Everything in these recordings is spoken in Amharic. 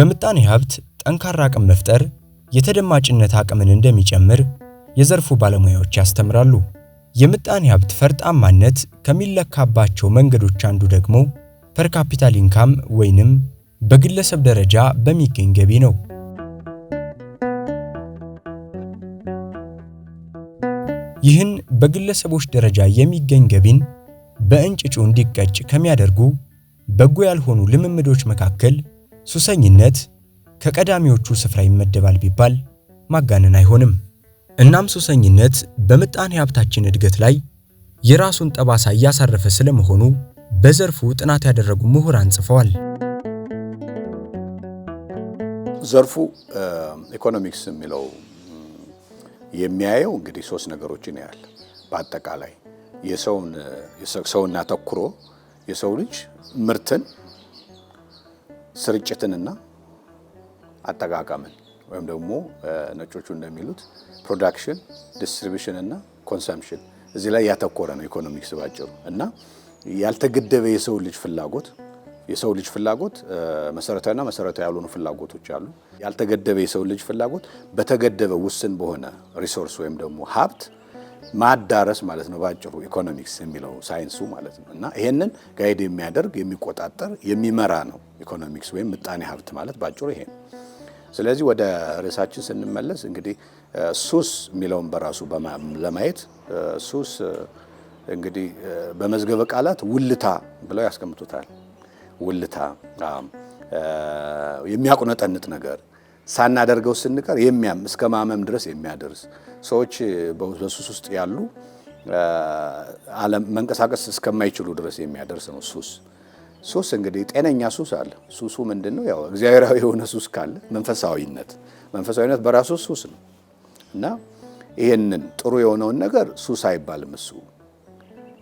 በምጣኔ ሀብት ጠንካራ አቅም መፍጠር የተደማጭነት አቅምን እንደሚጨምር የዘርፉ ባለሙያዎች ያስተምራሉ። የምጣኔ ሀብት ፈርጣማነት ከሚለካባቸው መንገዶች አንዱ ደግሞ ፐር ካፒታል ኢንካም ወይንም በግለሰብ ደረጃ በሚገኝ ገቢ ነው። ይህን በግለሰቦች ደረጃ የሚገኝ ገቢን በእንጭጩ እንዲቀጭ ከሚያደርጉ በጎ ያልሆኑ ልምምዶች መካከል ሱሰኝነት ከቀዳሚዎቹ ስፍራ ይመደባል ቢባል ማጋነን አይሆንም። እናም ሱሰኝነት በምጣኔ ሀብታችን እድገት ላይ የራሱን ጠባሳ እያሳረፈ ስለመሆኑ በዘርፉ ጥናት ያደረጉ ምሁራን ጽፈዋል። ዘርፉ ኢኮኖሚክስ የሚለው የሚያየው እንግዲህ ሶስት ነገሮችን ያያል። በአጠቃላይ የሰውን ሰውን አተኩሮ የሰው ልጅ ምርትን ስርጭትንና አጠቃቀምን ወይም ደግሞ ነጮቹ እንደሚሉት ፕሮዳክሽን፣ ዲስትሪቢሽን እና ኮንሰምሽን እዚህ ላይ ያተኮረ ነው ኢኮኖሚክስ ባጭሩ እና ያልተገደበ የሰው ልጅ ፍላጎት የሰው ልጅ ፍላጎት መሰረታዊና መሰረታዊ ያልሆኑ ፍላጎቶች አሉ። ያልተገደበ የሰው ልጅ ፍላጎት በተገደበ ውስን በሆነ ሪሶርስ ወይም ደግሞ ሀብት ማዳረስ ማለት ነው በአጭሩ ኢኮኖሚክስ የሚለው ሳይንሱ ማለት ነው። እና ይሄንን ጋይድ የሚያደርግ የሚቆጣጠር፣ የሚመራ ነው ኢኮኖሚክስ ወይም ምጣኔ ሀብት ማለት በአጭሩ ይሄ ነው። ስለዚህ ወደ ርዕሳችን ስንመለስ እንግዲህ ሱስ የሚለውን በራሱ ለማየት ሱስ እንግዲህ በመዝገበ ቃላት ውልታ ብለው ያስቀምጡታል። ውልታ የሚያቁነጠንጥ ነገር ሳናደርገው ስንቀር የሚያም እስከ ማመም ድረስ የሚያደርስ ሰዎች በሱስ ውስጥ ያሉ መንቀሳቀስ እስከማይችሉ ድረስ የሚያደርስ ነው ሱስ። ሱስ እንግዲህ ጤነኛ ሱስ አለ። ሱሱ ምንድን ነው? ያው እግዚአብሔራዊ የሆነ ሱስ ካለ መንፈሳዊነት፣ መንፈሳዊነት በራሱ ሱስ ነው እና ይህንን ጥሩ የሆነውን ነገር ሱስ አይባልም እሱ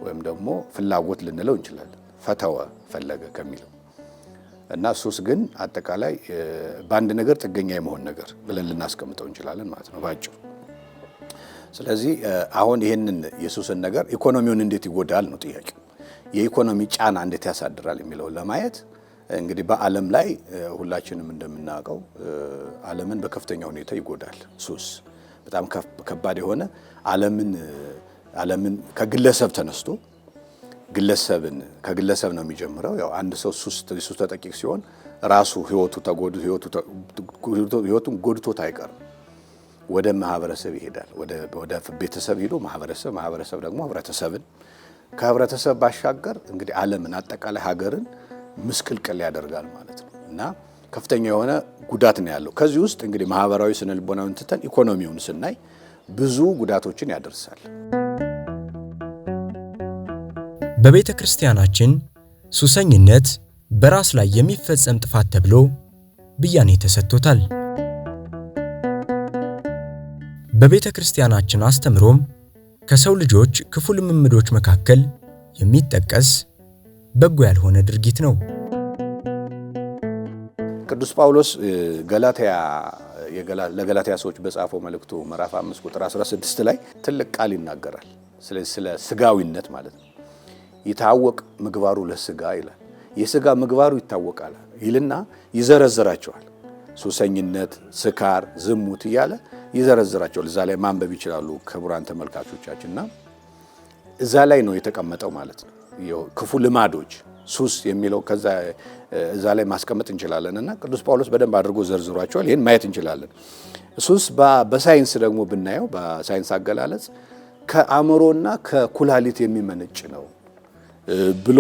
ወይም ደግሞ ፍላጎት ልንለው እንችላለን። ፈተወ ፈለገ ከሚለው እና ሱስ ግን አጠቃላይ በአንድ ነገር ጥገኛ የመሆን ነገር ብለን ልናስቀምጠው እንችላለን ማለት ነው ባጭሩ። ስለዚህ አሁን ይህንን የሱስን ነገር ኢኮኖሚውን እንዴት ይጎዳል ነው ጥያቄው። የኢኮኖሚ ጫና እንዴት ያሳድራል የሚለውን ለማየት እንግዲህ በዓለም ላይ ሁላችንም እንደምናውቀው ዓለምን በከፍተኛ ሁኔታ ይጎዳል ሱስ። በጣም ከባድ የሆነ ዓለምን ዓለምን ከግለሰብ ተነስቶ ግለሰብን ከግለሰብ ነው የሚጀምረው። ያው አንድ ሰው ሱስ ተጠቂ ሲሆን ራሱ ህይወቱ ህይወቱን ጎድቶት አይቀርም። ወደ ማህበረሰብ ይሄዳል። ወደ ቤተሰብ ሄዶ ማህበረሰብ፣ ማህበረሰብ ደግሞ ህብረተሰብን፣ ከህብረተሰብ ባሻገር እንግዲህ ዓለምን አጠቃላይ ሀገርን ምስቅልቅል ያደርጋል ማለት ነው እና ከፍተኛ የሆነ ጉዳት ነው ያለው። ከዚህ ውስጥ እንግዲህ ማህበራዊ ስነ ትተን ኢኮኖሚውን ስናይ ብዙ ጉዳቶችን ያደርሳል። በቤተ ክርስቲያናችን ሱሰኝነት በራስ ላይ የሚፈጸም ጥፋት ተብሎ ብያኔ ተሰጥቶታል። በቤተ ክርስቲያናችን አስተምሮም ከሰው ልጆች ክፉ ልምምዶች መካከል የሚጠቀስ በጎ ያልሆነ ድርጊት ነው። ቅዱስ ጳውሎስ ገላትያ ለገላትያ ሰዎች በጻፈው መልእክቱ ምዕራፍ 5 ቁጥር 16 ላይ ትልቅ ቃል ይናገራል። ስለ ስጋዊነት ማለት ነው ይታወቅ ምግባሩ ለስጋ ይላል። የስጋ ምግባሩ ይታወቃል ይልና ይዘረዝራቸዋል። ሱሰኝነት፣ ስካር፣ ዝሙት እያለ ይዘረዝራቸዋል። እዛ ላይ ማንበብ ይችላሉ ክቡራን ተመልካቾቻችንና እዛ ላይ ነው የተቀመጠው ማለት ነው። ክፉ ልማዶች ሱስ የሚለው ከዛ እዛ ላይ ማስቀመጥ እንችላለን እና ቅዱስ ጳውሎስ በደንብ አድርጎ ዘርዝሯቸዋል። ይህን ማየት እንችላለን። ሱስ በሳይንስ ደግሞ ብናየው በሳይንስ አገላለጽ ከአእምሮና ከኩላሊት የሚመነጭ ነው ብሎ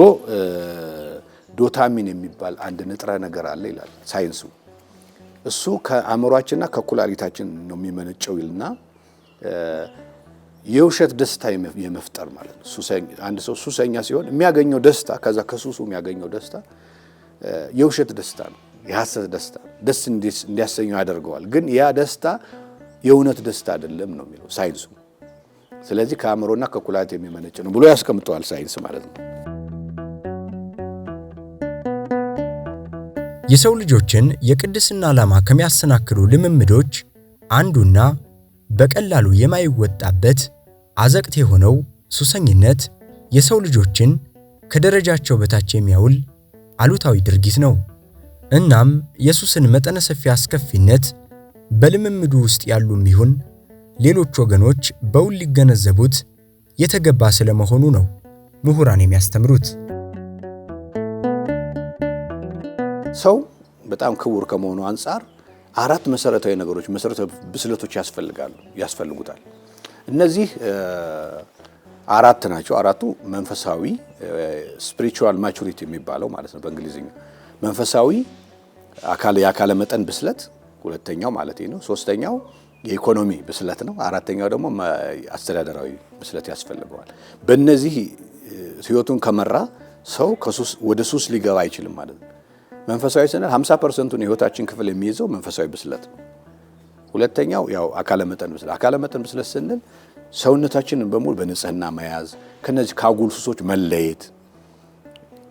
ዶታሚን የሚባል አንድ ንጥረ ነገር አለ ይላል ሳይንሱ። እሱ ከአእምሯችንና ከኩላሊታችን ነው የሚመነጨው ይልና የውሸት ደስታ የመፍጠር ማለት ነው። አንድ ሰው ሱሰኛ ሲሆን የሚያገኘው ደስታ ከዛ ከሱሱ የሚያገኘው ደስታ የውሸት ደስታ ነው፣ የሐሰት ደስታ ደስ እንዲያሰኘው ያደርገዋል። ግን ያ ደስታ የእውነት ደስታ አይደለም ነው የሚለው ሳይንሱ። ስለዚህ ከአእምሮና ከኩላሊት የሚመነጭ ነው ብሎ ያስቀምጠዋል ሳይንስ ማለት ነው። የሰው ልጆችን የቅድስና ዓላማ ከሚያሰናክሉ ልምምዶች አንዱና በቀላሉ የማይወጣበት አዘቅት የሆነው ሱሰኝነት የሰው ልጆችን ከደረጃቸው በታች የሚያውል አሉታዊ ድርጊት ነው። እናም የሱስን መጠነ ሰፊ አስከፊነት በልምምዱ ውስጥ ያሉም ይሁን ሌሎች ወገኖች በውል ሊገነዘቡት የተገባ ስለመሆኑ ነው ምሁራን የሚያስተምሩት። ሰው በጣም ክቡር ከመሆኑ አንጻር አራት መሰረታዊ ነገሮች መሰረታዊ ብስለቶች ያስፈልጋሉ ያስፈልጉታል። እነዚህ አራት ናቸው። አራቱ መንፈሳዊ ስፒሪቹዋል ማቹሪቲ የሚባለው ማለት ነው በእንግሊዝኛ መንፈሳዊ አካል የአካለ መጠን ብስለት ሁለተኛው ማለት ነው። ሶስተኛው የኢኮኖሚ ብስለት ነው። አራተኛው ደግሞ አስተዳደራዊ ብስለት ያስፈልገዋል። በእነዚህ ህይወቱን ከመራ ሰው ወደ ሱስ ሊገባ አይችልም ማለት ነው። መንፈሳዊ ስንል 50 ፐርሰንቱን የህይወታችን ክፍል የሚይዘው መንፈሳዊ ብስለት ነው። ሁለተኛው ያው አካለ መጠን ብስለት። አካለ መጠን ብስለት ስንል ሰውነታችንን በሙሉ በንጽህና መያዝ፣ ከነዚህ ከአጉል ሱሶች መለየት፣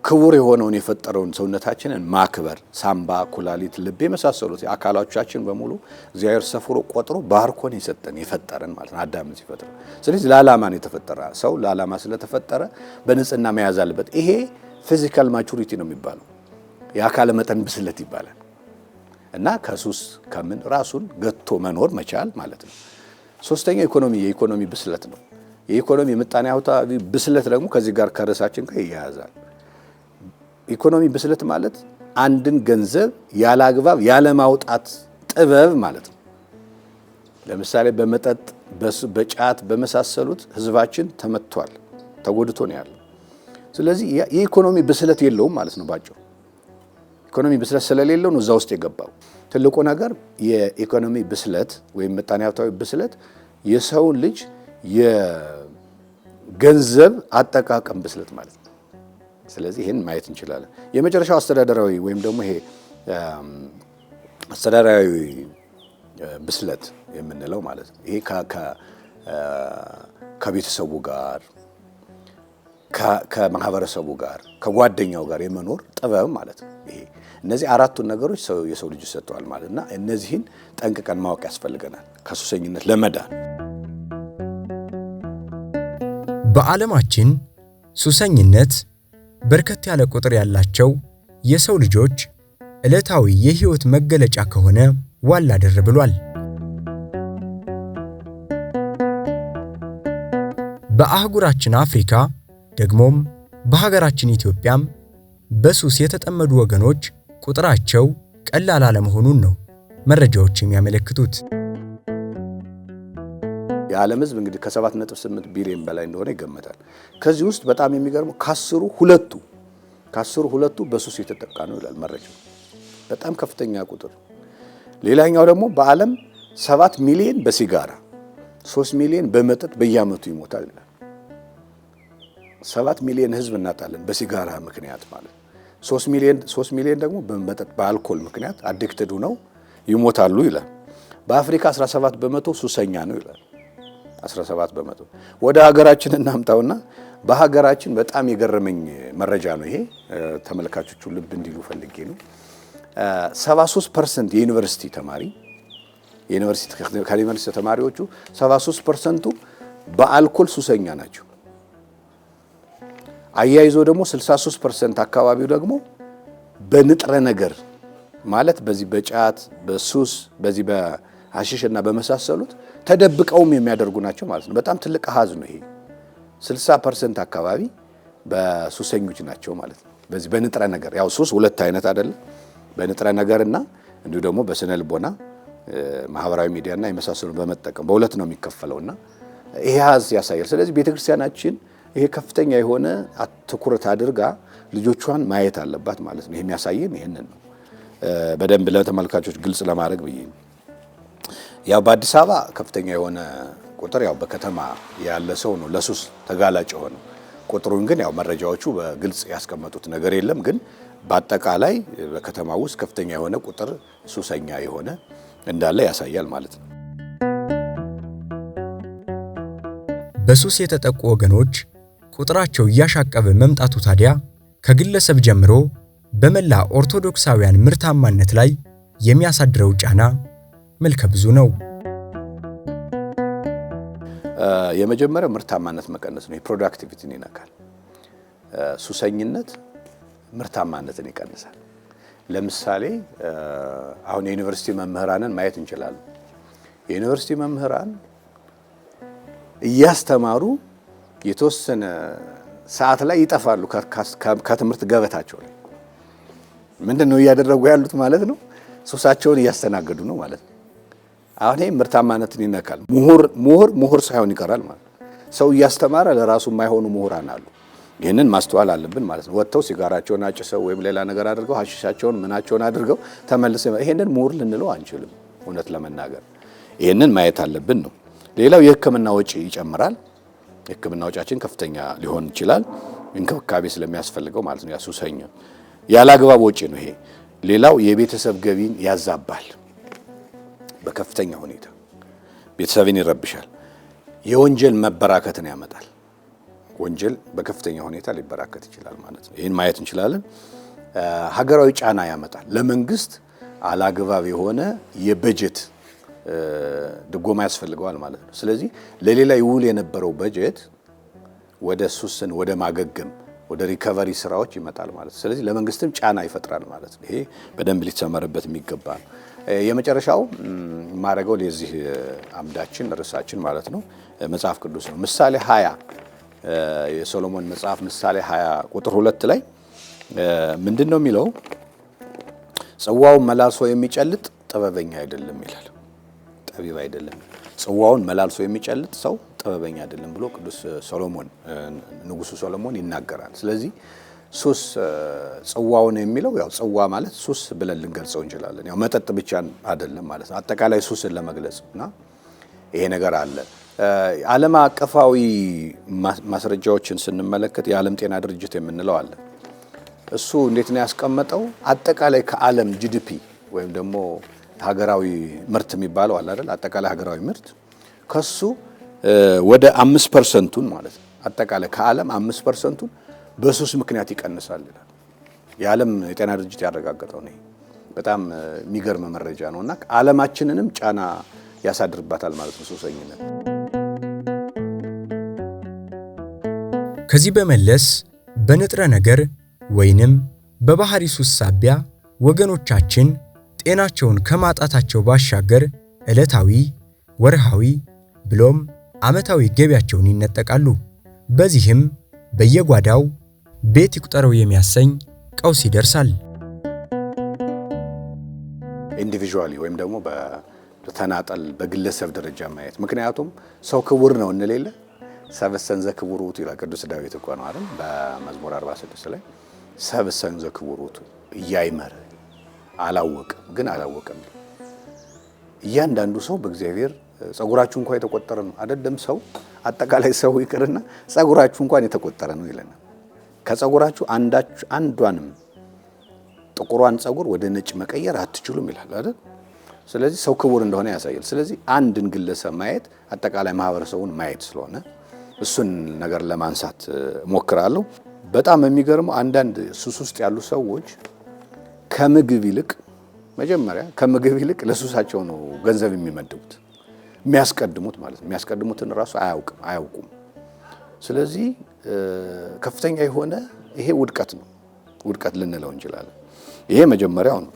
ክቡር የሆነውን የፈጠረውን ሰውነታችንን ማክበር፣ ሳምባ፣ ኩላሊት፣ ልብ የመሳሰሉት አካሎቻችን በሙሉ እግዚአብሔር ሰፍሮ ቆጥሮ ባርኮን የሰጠን የፈጠረን ማለት ነው። አዳም ሲፈጥረ ስለዚህ ለዓላማ ነው የተፈጠረ ሰው ለዓላማ ስለተፈጠረ በንጽህና መያዝ አለበት። ይሄ ፊዚካል ማቹሪቲ ነው የሚባለው። የአካለ መጠን ብስለት ይባላል እና ከሱስ ከምን ራሱን ገቶ መኖር መቻል ማለት ነው። ሶስተኛው ኢኮኖሚ የኢኮኖሚ ብስለት ነው። የኢኮኖሚ ምጣኔ ሀብታዊ ብስለት ደግሞ ከዚህ ጋር ከርዕሳችን ጋር ይያያዛል። ኢኮኖሚ ብስለት ማለት አንድን ገንዘብ ያለ አግባብ ያለ ማውጣት ጥበብ ማለት ነው። ለምሳሌ በመጠጥ በጫት በመሳሰሉት ህዝባችን ተመቷል፣ ተጎድቶ ነው ያለው። ስለዚህ የኢኮኖሚ ብስለት የለውም ማለት ነው ባጭሩ። ኢኮኖሚ ብስለት ስለሌለው ነው እዛ ውስጥ የገባው። ትልቁ ነገር የኢኮኖሚ ብስለት ወይም ምጣኔ ሀብታዊ ብስለት የሰውን ልጅ የገንዘብ አጠቃቀም ብስለት ማለት ነው። ስለዚህ ይህን ማየት እንችላለን። የመጨረሻው አስተዳደራዊ ወይም ደግሞ ይሄ አስተዳደራዊ ብስለት የምንለው ማለት ነው። ይሄ ከቤተሰቡ ጋር ከማህበረሰቡ ጋር ከጓደኛው ጋር የመኖር ጥበብ ማለት ነው። ይሄ እነዚህ አራቱን ነገሮች ሰው የሰው ልጅ ሰጥተዋል ማለት እና እነዚህን ጠንቅቀን ማወቅ ያስፈልገናል ከሱሰኝነት ለመዳን። በዓለማችን ሱሰኝነት በርከት ያለ ቁጥር ያላቸው የሰው ልጆች ዕለታዊ የሕይወት መገለጫ ከሆነ ዋላ ድር ብሏል። በአህጉራችን አፍሪካ ደግሞም በሀገራችን ኢትዮጵያም በሱስ የተጠመዱ ወገኖች ቁጥራቸው ቀላል አለመሆኑን ነው መረጃዎች የሚያመለክቱት። የዓለም ሕዝብ እንግዲህ ከ7.8 ቢሊዮን በላይ እንደሆነ ይገመታል። ከዚህ ውስጥ በጣም የሚገርመው ከአስሩ ሁለቱ ከአስሩ ሁለቱ በሱስ የተጠቃ ነው ይላል መረጃው። በጣም ከፍተኛ ቁጥር። ሌላኛው ደግሞ በዓለም 7 ሚሊዮን በሲጋራ 3 ሚሊዮን በመጠጥ በየዓመቱ ይሞታል ይላል። ሰባት ሚሊዮን ህዝብ እናጣለን በሲጋራ ምክንያት ማለት ሶስት ሚሊዮን ሶስት ሚሊዮን ደግሞ በመጠጥ በአልኮል ምክንያት አዲክትዱ ነው ይሞታሉ ይላል። በአፍሪካ 17 በመቶ ሱሰኛ ነው ይላል። 17 በመቶ ወደ ሀገራችን እናምጣውና በሀገራችን በጣም የገረመኝ መረጃ ነው ይሄ። ተመልካቾቹ ልብ እንዲሉ ፈልጌ ነው። 73 ፐርሰንት የዩኒቨርሲቲ ተማሪ የዩኒቨርሲቲ ከዩኒቨርሲቲ ተማሪዎቹ 73 ፐርሰንቱ በአልኮል ሱሰኛ ናቸው። አያይዞ ደግሞ 63 ፐርሰንት አካባቢው ደግሞ በንጥረ ነገር ማለት በዚህ በጫት በሱስ በዚህ በሀሺሽ እና በመሳሰሉት ተደብቀውም የሚያደርጉ ናቸው ማለት ነው። በጣም ትልቅ አሃዝ ነው ይሄ። 60 ፐርሰንት አካባቢ በሱሰኞች ናቸው ማለት ነው። በዚህ በንጥረ ነገር ያው ሱስ ሁለት አይነት አይደለም፣ በንጥረ እና እንዲሁ ደግሞ በስነ ልቦና ማህበራዊ ሚዲያና የመሳሰሉ በመጠቀም በሁለት ነው የሚከፈለውና ይሄ አሃዝ ያሳያል። ስለዚህ ቤተክርስቲያናችን ይሄ ከፍተኛ የሆነ ትኩረት አድርጋ ልጆቿን ማየት አለባት ማለት ነው። የሚያሳየን ይህንን ነው በደንብ ለተመልካቾች ግልጽ ለማድረግ ብዬ ያው በአዲስ አበባ ከፍተኛ የሆነ ቁጥር ያው በከተማ ያለ ሰው ነው ለሱስ ተጋላጭ የሆነው። ቁጥሩን ግን ያው መረጃዎቹ በግልጽ ያስቀመጡት ነገር የለም። ግን በአጠቃላይ በከተማ ውስጥ ከፍተኛ የሆነ ቁጥር ሱሰኛ የሆነ እንዳለ ያሳያል ማለት ነው። በሱስ የተጠቁ ወገኖች ቁጥራቸው እያሻቀበ መምጣቱ ታዲያ ከግለሰብ ጀምሮ በመላ ኦርቶዶክሳውያን ምርታማነት ላይ የሚያሳድረው ጫና መልከ ብዙ ነው። የመጀመሪያው ምርታማነት መቀነስ ነው። የፕሮዳክቲቪቲን ይነካል። ሱሰኝነት ምርታማነትን ይቀንሳል። ለምሳሌ አሁን የዩኒቨርሲቲ መምህራንን ማየት እንችላለን። የዩኒቨርሲቲ መምህራን እያስተማሩ የተወሰነ ሰዓት ላይ ይጠፋሉ ከትምህርት ገበታቸው ላይ። ምንድን ነው እያደረጉ ያሉት ማለት ነው? ሱሳቸውን እያስተናገዱ ነው ማለት ነው። አሁን ይህ ምርታማነትን ይነካል። ምሁር ምሁር ሳይሆን ይቀራል ማለት ነው። ሰው እያስተማረ ለራሱ የማይሆኑ ምሁራን አሉ። ይህንን ማስተዋል አለብን ማለት ነው። ወጥተው ሲጋራቸውን አጭሰው ወይም ሌላ ነገር አድርገው ሀሽሻቸውን ምናቸውን አድርገው ተመልሰ ይህንን ምሁር ልንለው አንችልም። እውነት ለመናገር ይህንን ማየት አለብን ነው። ሌላው የህክምና ወጪ ይጨምራል። የህክምና ወጫችን ከፍተኛ ሊሆን ይችላል። እንክብካቤ ስለሚያስፈልገው ማለት ነው። ያሱሰኛ ያለ አግባብ ወጪ ነው ይሄ። ሌላው የቤተሰብ ገቢን ያዛባል በከፍተኛ ሁኔታ ቤተሰብን ይረብሻል። የወንጀል መበራከትን ያመጣል። ወንጀል በከፍተኛ ሁኔታ ሊበራከት ይችላል ማለት ነው። ይህን ማየት እንችላለን። ሀገራዊ ጫና ያመጣል። ለመንግስት አላግባብ የሆነ የበጀት ድጎማ ያስፈልገዋል ማለት ነው። ስለዚህ ለሌላ ይውል የነበረው በጀት ወደ ሱስን ወደ ማገገም ወደ ሪከቨሪ ስራዎች ይመጣል ማለት ስለዚህ ለመንግስትም ጫና ይፈጥራል ማለት ነው። ይሄ በደንብ ሊሰመርበት የሚገባ ነው። የመጨረሻው ማድረገው ለዚህ አምዳችን ርዕሳችን ማለት ነው መጽሐፍ ቅዱስ ነው። ምሳሌ 20 የሶሎሞን መጽሐፍ ምሳሌ 20 ቁጥር ሁለት ላይ ምንድን ነው የሚለው? ጽዋው መላሶ የሚጨልጥ ጥበበኛ አይደለም ይላል። ጠቢብ አይደለም፣ ጽዋውን መላልሶ የሚጨልጥ ሰው ጥበበኛ አይደለም ብሎ ቅዱስ ሶሎሞን ንጉሱ ሶሎሞን ይናገራል። ስለዚህ ሱስ ጽዋውን የሚለው ያው ጽዋ ማለት ሱስ ብለን ልንገልጸው እንችላለን። ያው መጠጥ ብቻን አይደለም ማለት ነው። አጠቃላይ ሱስን ለመግለጽ እና ይሄ ነገር አለ። ዓለም አቀፋዊ ማስረጃዎችን ስንመለከት የዓለም ጤና ድርጅት የምንለው አለ። እሱ እንዴት ነው ያስቀመጠው? አጠቃላይ ከዓለም ጂዲፒ ወይም ደግሞ ሀገራዊ ምርት የሚባለው አለ አይደል? አጠቃላይ ሀገራዊ ምርት ከሱ ወደ አምስት ፐርሰንቱን ማለት ነው አጠቃላይ ከዓለም አምስት ፐርሰንቱን በሱስ ምክንያት ይቀንሳል ይላል የዓለም የጤና ድርጅት ያረጋገጠው ነው። በጣም የሚገርም መረጃ ነው እና ዓለማችንንም ጫና ያሳድርባታል ማለት ነው ሱሰኝነት። ከዚህ በመለስ በንጥረ ነገር ወይንም በባህሪ ሱስ ሳቢያ ወገኖቻችን ጤናቸውን ከማጣታቸው ባሻገር ዕለታዊ፣ ወርሃዊ ብሎም ዓመታዊ ገቢያቸውን ይነጠቃሉ። በዚህም በየጓዳው ቤት ይቁጠረው የሚያሰኝ ቀውስ ይደርሳል። ኢንዲቪዥዋሊ ወይም ደግሞ በተናጠል በግለሰብ ደረጃ ማየት ምክንያቱም ሰው ክቡር ነው እንሌለ ሰብእሰን ዘክቡር ውእቱ ይላል ቅዱስ ዳዊት እኮ ነው አይደል? በመዝሙር 46 ላይ ሰብእሰን ዘክቡር ውእቱ እያይመር አላወቅም፣ ግን አላወቅም። እያንዳንዱ ሰው በእግዚአብሔር ጸጉራችሁ እንኳን የተቆጠረ ነው። አይደለም ሰው አጠቃላይ ሰው ይቅርና ጸጉራችሁ እንኳን የተቆጠረ ነው ይለን። ከጸጉራችሁ አንዷንም ጥቁሯን ጸጉር ወደ ነጭ መቀየር አትችሉም ይላል አይደል? ስለዚህ ሰው ክቡር እንደሆነ ያሳያል። ስለዚህ አንድን ግለሰብ ማየት አጠቃላይ ማህበረሰቡን ማየት ስለሆነ እሱን ነገር ለማንሳት ሞክራለሁ። በጣም የሚገርመው አንዳንድ ሱስ ውስጥ ያሉ ሰዎች ከምግብ ይልቅ መጀመሪያ ከምግብ ይልቅ ለሱሳቸው ነው ገንዘብ የሚመድቡት የሚያስቀድሙት ማለት ነው። የሚያስቀድሙትን ራሱ አያውቅም አያውቁም። ስለዚህ ከፍተኛ የሆነ ይሄ ውድቀት ነው፣ ውድቀት ልንለው እንችላለን። ይሄ መጀመሪያው ነው።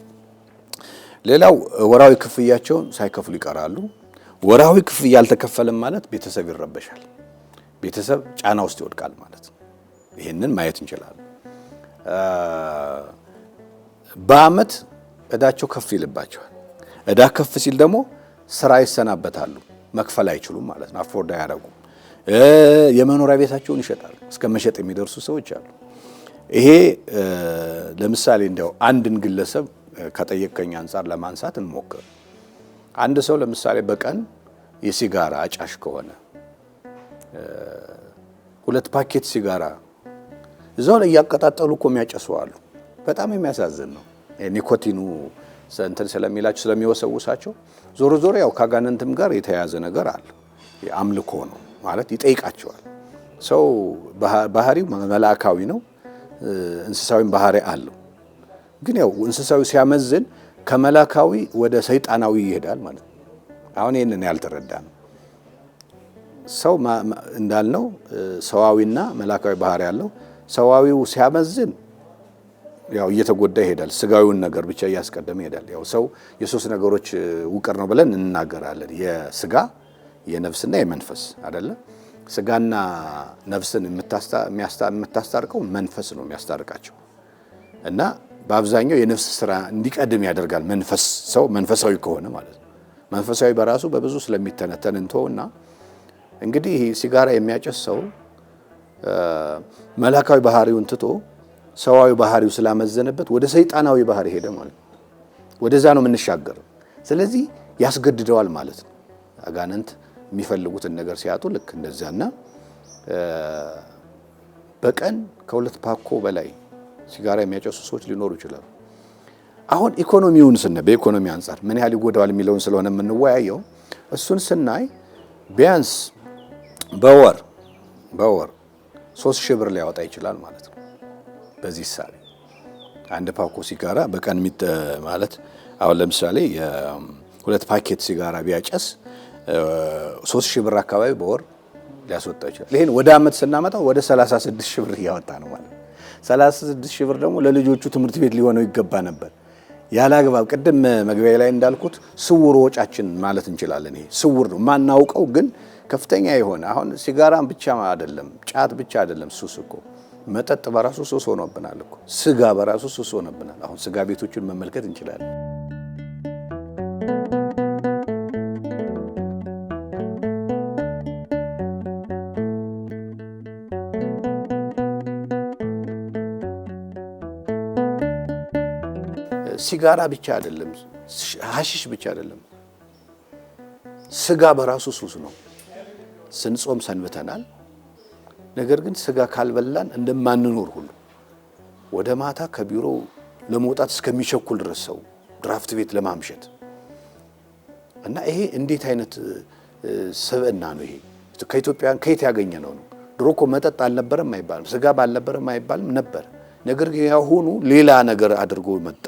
ሌላው ወራዊ ክፍያቸውን ሳይከፍሉ ይቀራሉ። ወራዊ ክፍያ አልተከፈለም ማለት ቤተሰብ ይረበሻል፣ ቤተሰብ ጫና ውስጥ ይወድቃል ማለት ነው። ይህንን ማየት እንችላለን። በአመት እዳቸው ከፍ ይልባቸዋል። እዳ ከፍ ሲል ደግሞ ስራ ይሰናበታሉ፣ መክፈል አይችሉም ማለት ነው። አፎርድ አያደርጉም። የመኖሪያ ቤታቸውን ይሸጣሉ፣ እስከ መሸጥ የሚደርሱ ሰዎች አሉ። ይሄ ለምሳሌ እንዲያው አንድን ግለሰብ ከጠየቀኝ አንጻር ለማንሳት እንሞክር። አንድ ሰው ለምሳሌ በቀን የሲጋራ አጫሽ ከሆነ ሁለት ፓኬት ሲጋራ እዛው ላይ እያቀጣጠሉ እኮ የሚያጨሱ አሉ። በጣም የሚያሳዝን ነው። ኒኮቲኑ እንትን ስለሚላቸው ስለሚወሰውሳቸው፣ ዞሮ ዞሮ ያው ከአጋንንትም ጋር የተያያዘ ነገር አለ። አምልኮ ነው ማለት ይጠይቃቸዋል። ሰው ባህሪው መላእካዊ ነው፣ እንስሳዊም ባህሪ አለው። ግን ያው እንስሳዊ ሲያመዝን ከመላካዊ ወደ ሰይጣናዊ ይሄዳል ማለት ነው። አሁን ይህንን ያልተረዳ ነው ሰው እንዳልነው ሰዋዊና መላካዊ ባህሪ ያለው ሰዋዊው ሲያመዝን ያው እየተጎዳ ይሄዳል። ስጋዊውን ነገር ብቻ እያስቀደመ ይሄዳል። ያው ሰው የሶስት ነገሮች ውቅር ነው ብለን እንናገራለን። የስጋ የነፍስና የመንፈስ አይደለም። ስጋና ነፍስን የምታስታርቀው መንፈስ ነው የሚያስታርቃቸው እና በአብዛኛው የነፍስ ስራ እንዲቀድም ያደርጋል። መንፈስ ሰው መንፈሳዊ ከሆነ ማለት ነው። መንፈሳዊ በራሱ በብዙ ስለሚተነተን እንተውና እንግዲህ ሲጋራ የሚያጨስ ሰው መላካዊ ባህሪውን ትቶ ሰዋዊ ባህሪው ስላመዘነበት ወደ ሰይጣናዊ ባህሪ ሄደ ማለት ነው። ወደዛ ነው የምንሻገረው። ስለዚህ ያስገድደዋል ማለት ነው። አጋንንት የሚፈልጉትን ነገር ሲያጡ ልክ እንደዛና በቀን ከሁለት ፓኮ በላይ ሲጋራ የሚያጨሱ ሰዎች ሊኖሩ ይችላሉ። አሁን ኢኮኖሚውን ስናይ በኢኮኖሚ አንጻር ምን ያህል ይጎዳዋል የሚለውን ስለሆነ የምንወያየው እሱን ስናይ ቢያንስ በወር በወር ሶስት ሺህ ብር ሊያወጣ ይችላል ማለት ነው። በዚህ ሳሌ አንድ ፓኮ ሲጋራ በቀን ሚጥ ማለት አሁን ለምሳሌ ሁለት ፓኬት ሲጋራ ቢያጨስ ሶስት ሺህ ብር አካባቢ በወር ሊያስወጣ ይችላል። ይህን ወደ አመት ስናመጣው ወደ 36 ሺህ ብር እያወጣ ነው ማለት። 36 ሺህ ብር ደግሞ ለልጆቹ ትምህርት ቤት ሊሆነው ይገባ ነበር። ያለ አግባብ ቅድም መግቢያ ላይ እንዳልኩት ስውር ወጫችን ማለት እንችላለን። ይሄ ስውር ነው ማናውቀው፣ ግን ከፍተኛ የሆነ አሁን ሲጋራን ብቻ አይደለም ጫት ብቻ አይደለም ሱስ እኮ መጠጥ በራሱ ሱስ ሆኖብናል እኮ። ስጋ በራሱ ሱስ ሆኖብናል። አሁን ስጋ ቤቶቹን መመልከት እንችላለን። ሲጋራ ብቻ አይደለም፣ ሀሽሽ ብቻ አይደለም። ስጋ በራሱ ሱስ ነው። ስንጾም ሰንብተናል። ነገር ግን ስጋ ካልበላን እንደማንኖር ሁሉ ወደ ማታ ከቢሮ ለመውጣት እስከሚቸኩል ድረስ ሰው ድራፍት ቤት ለማምሸት እና ይሄ እንዴት አይነት ስብዕና ነው? ይሄ ከኢትዮጵያውያን ከየት ያገኘ ነው ነው? ድሮ እኮ መጠጥ አልነበረም አይባልም፣ ስጋ ባልነበረም አይባልም ነበር። ነገር ግን ያሁኑ ሌላ ነገር አድርጎ መጣ፣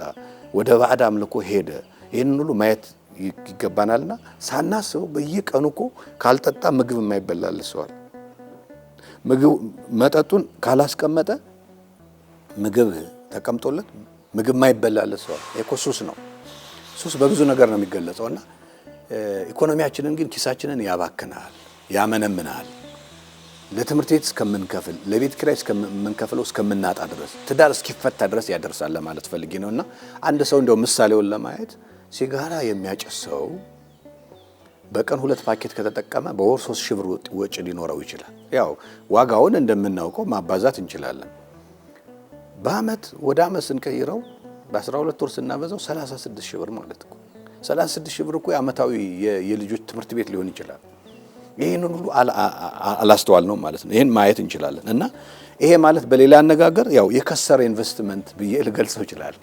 ወደ ባዕድ አምልኮ ሄደ። ይህንን ሁሉ ማየት ይገባናልና ሳናስበው በየቀኑ እኮ ካልጠጣ ምግብ የማይበላል ሰዋል ምግብ መጠጡን ካላስቀመጠ ምግብ ተቀምጦለት ምግብ ማይበላለት ሰው እኮ ሱስ ነው። ሱስ በብዙ ነገር ነው የሚገለጸው እና ኢኮኖሚያችንን ግን ኪሳችንን ያባክናል፣ ያመነምናል። ለትምህርት ቤት እስከምንከፍል ለቤት ኪራይ እስከምንከፍለው እስከምናጣ ድረስ ትዳር እስኪፈታ ድረስ ያደርሳል ለማለት ፈልጌ ነው እና አንድ ሰው እንደው ምሳሌውን ለማየት ሲጋራ የሚያጨስ ሰው በቀን ሁለት ፓኬት ከተጠቀመ በወር ሶስት ሺህ ብር ወጪ ሊኖረው ይችላል። ያው ዋጋውን እንደምናውቀው ማባዛት እንችላለን። በአመት ወደ አመት ስንቀይረው በ12 ወር ስናበዛው 36 ሺህ ብር ማለት ነው። 36 ሺህ ብር እኮ የአመታዊ የልጆች ትምህርት ቤት ሊሆን ይችላል። ይህንን ሁሉ አላስተዋል ነው ማለት ነው። ይህን ማየት እንችላለን እና ይሄ ማለት በሌላ አነጋገር ያው የከሰረ ኢንቨስትመንት ብዬ ልገልጸው ይችላል።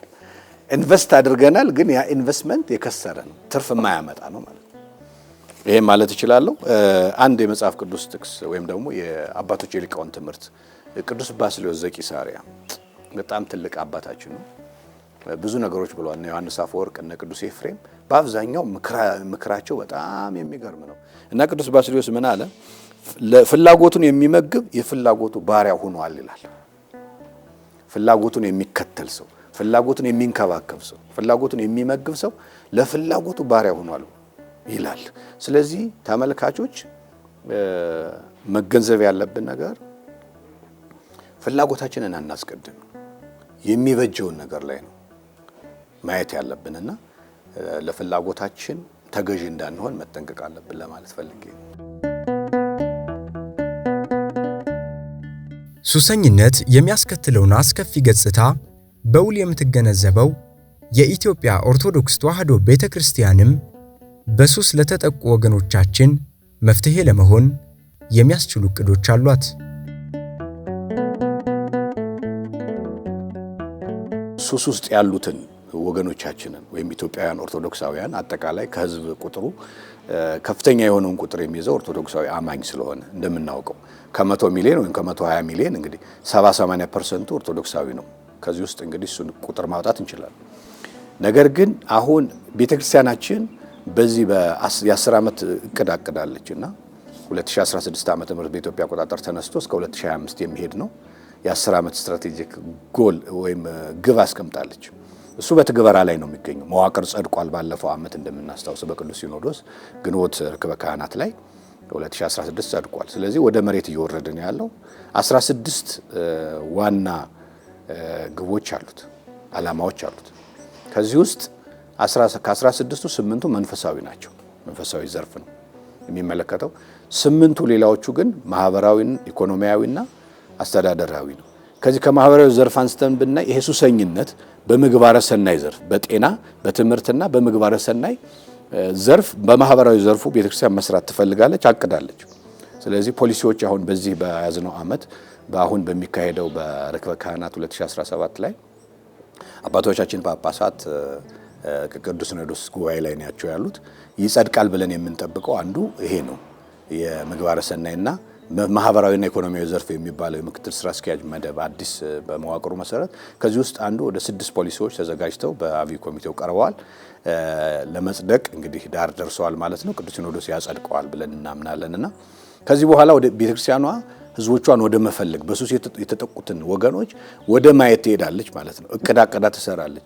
ኢንቨስት አድርገናል፣ ግን ያ ኢንቨስትመንት የከሰረ ነው፣ ትርፍ የማያመጣ ነው ማለት ነው። ይሄ ማለት እችላለሁ አንድ የመጽሐፍ ቅዱስ ጥቅስ ወይም ደግሞ የአባቶች የሊቃውን ትምህርት ቅዱስ ባስልዮስ ዘቂሳርያ በጣም ትልቅ አባታችን ነው። ብዙ ነገሮች ብሏል። እነ ዮሐንስ አፈወርቅ እና ቅዱስ ኤፍሬም በአብዛኛው ምክራቸው በጣም የሚገርም ነው እና ቅዱስ ባስልዮስ ምን አለ? ፍላጎቱን የሚመግብ የፍላጎቱ ባሪያ ሆኗል ይላል። ፍላጎቱን የሚከተል ሰው፣ ፍላጎቱን የሚንከባከብ ሰው፣ ፍላጎቱን የሚመግብ ሰው ለፍላጎቱ ባሪያ ሆኗል። ይላል። ስለዚህ ተመልካቾች መገንዘብ ያለብን ነገር ፍላጎታችንን አናስቀድም፣ የሚበጀውን ነገር ላይ ነው ማየት ያለብንና ለፍላጎታችን ተገዥ እንዳንሆን መጠንቀቅ አለብን ለማለት ፈልጌ ነው። ሱሰኝነት የሚያስከትለውን አስከፊ ገጽታ በውል የምትገነዘበው የኢትዮጵያ ኦርቶዶክስ ተዋሕዶ ቤተ ክርስቲያንም በሱስ ለተጠቁ ወገኖቻችን መፍትሄ ለመሆን የሚያስችሉ እቅዶች አሏት። ሱስ ውስጥ ያሉትን ወገኖቻችንን ወይም ኢትዮጵያውያን ኦርቶዶክሳውያን አጠቃላይ ከህዝብ ቁጥሩ ከፍተኛ የሆነውን ቁጥር የሚይዘው ኦርቶዶክሳዊ አማኝ ስለሆነ እንደምናውቀው ከመቶ ሚሊዮን ወይም ከመቶ ሀያ ሚሊዮን እንግዲህ ሰባ ሰማንያ ፐርሰንቱ ኦርቶዶክሳዊ ነው። ከዚህ ውስጥ እንግዲህ እሱን ቁጥር ማውጣት እንችላለን። ነገር ግን አሁን ቤተክርስቲያናችን በዚህ የአስር ዓመት እቅድ አቅዳለች እና 2016 ዓ ም በኢትዮጵያ አቆጣጠር ተነስቶ እስከ 2025 የሚሄድ ነው። የአስር ዓመት ስትራቴጂክ ጎል ወይም ግብ አስቀምጣለች። እሱ በትግበራ ላይ ነው የሚገኘው። መዋቅር ጸድቋል። ባለፈው ዓመት እንደምናስታውሰው በቅዱስ ሲኖዶስ ግንቦት ርክበ ካህናት ላይ 2016 ጸድቋል። ስለዚህ ወደ መሬት እየወረደ ነው ያለው። 16 ዋና ግቦች አሉት፣ አላማዎች አሉት። ከዚህ ውስጥ ከ 16 ስምንቱ መንፈሳዊ ናቸው። መንፈሳዊ ዘርፍ ነው የሚመለከተው። ስምንቱ ሌላዎቹ ግን ማህበራዊን፣ ኢኮኖሚያዊና አስተዳደራዊ ነው። ከዚህ ከማህበራዊ ዘርፍ አንስተን ብናይ ይሄ ሱሰኝነት በምግባረ ሰናይ ዘርፍ በጤና በትምህርትና በምግባረ ሰናይ ዘርፍ በማህበራዊ ዘርፉ ቤተክርስቲያን መስራት ትፈልጋለች፣ አቅዳለች። ስለዚህ ፖሊሲዎች አሁን በዚህ በያዝነው ዓመት በአሁን በሚካሄደው በርክበ ካህናት 2017 ላይ አባቶቻችን ጳጳሳት ከቅዱስ ሲኖዶስ ጉባኤ ላይ ናቸው ያሉት። ይጸድቃል ብለን የምንጠብቀው አንዱ ይሄ ነው። የምግባረ ሰናይና ማህበራዊና ኢኮኖሚያዊ ዘርፍ የሚባለው የምክትል ስራ አስኪያጅ መደብ አዲስ በመዋቅሩ መሰረት ከዚህ ውስጥ አንዱ ወደ ስድስት ፖሊሲዎች ተዘጋጅተው በአብይ ኮሚቴው ቀርበዋል። ለመጽደቅ እንግዲህ ዳር ደርሰዋል ማለት ነው። ቅዱስ ሲኖዶስ ያጸድቀዋል ብለን እናምናለን እና ከዚህ በኋላ ወደ ቤተክርስቲያኗ ህዝቦቿን ወደ መፈለግ በሱስ የተጠቁትን ወገኖች ወደ ማየት ትሄዳለች ማለት ነው። እቅድ አቅዳ ትሰራለች።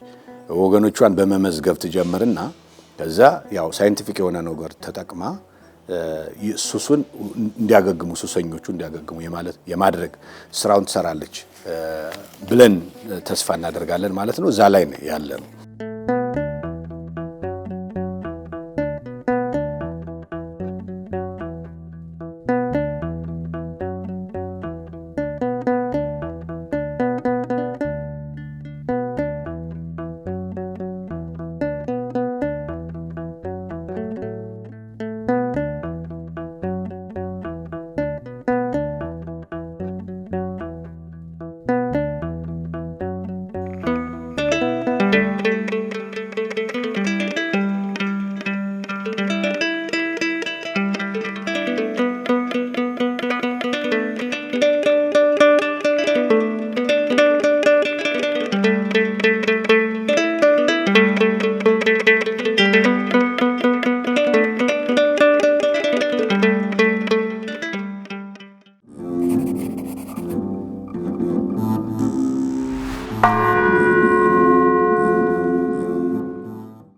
ወገኖቿን በመመዝገብ ትጀምርና ከዛ ያው ሳይንቲፊክ የሆነ ነገር ተጠቅማ ሱሱን እንዲያገግሙ ሱሰኞቹ እንዲያገግሙ የማድረግ ስራውን ትሰራለች ብለን ተስፋ እናደርጋለን ማለት ነው። እዛ ላይ ነው ያለ ነው።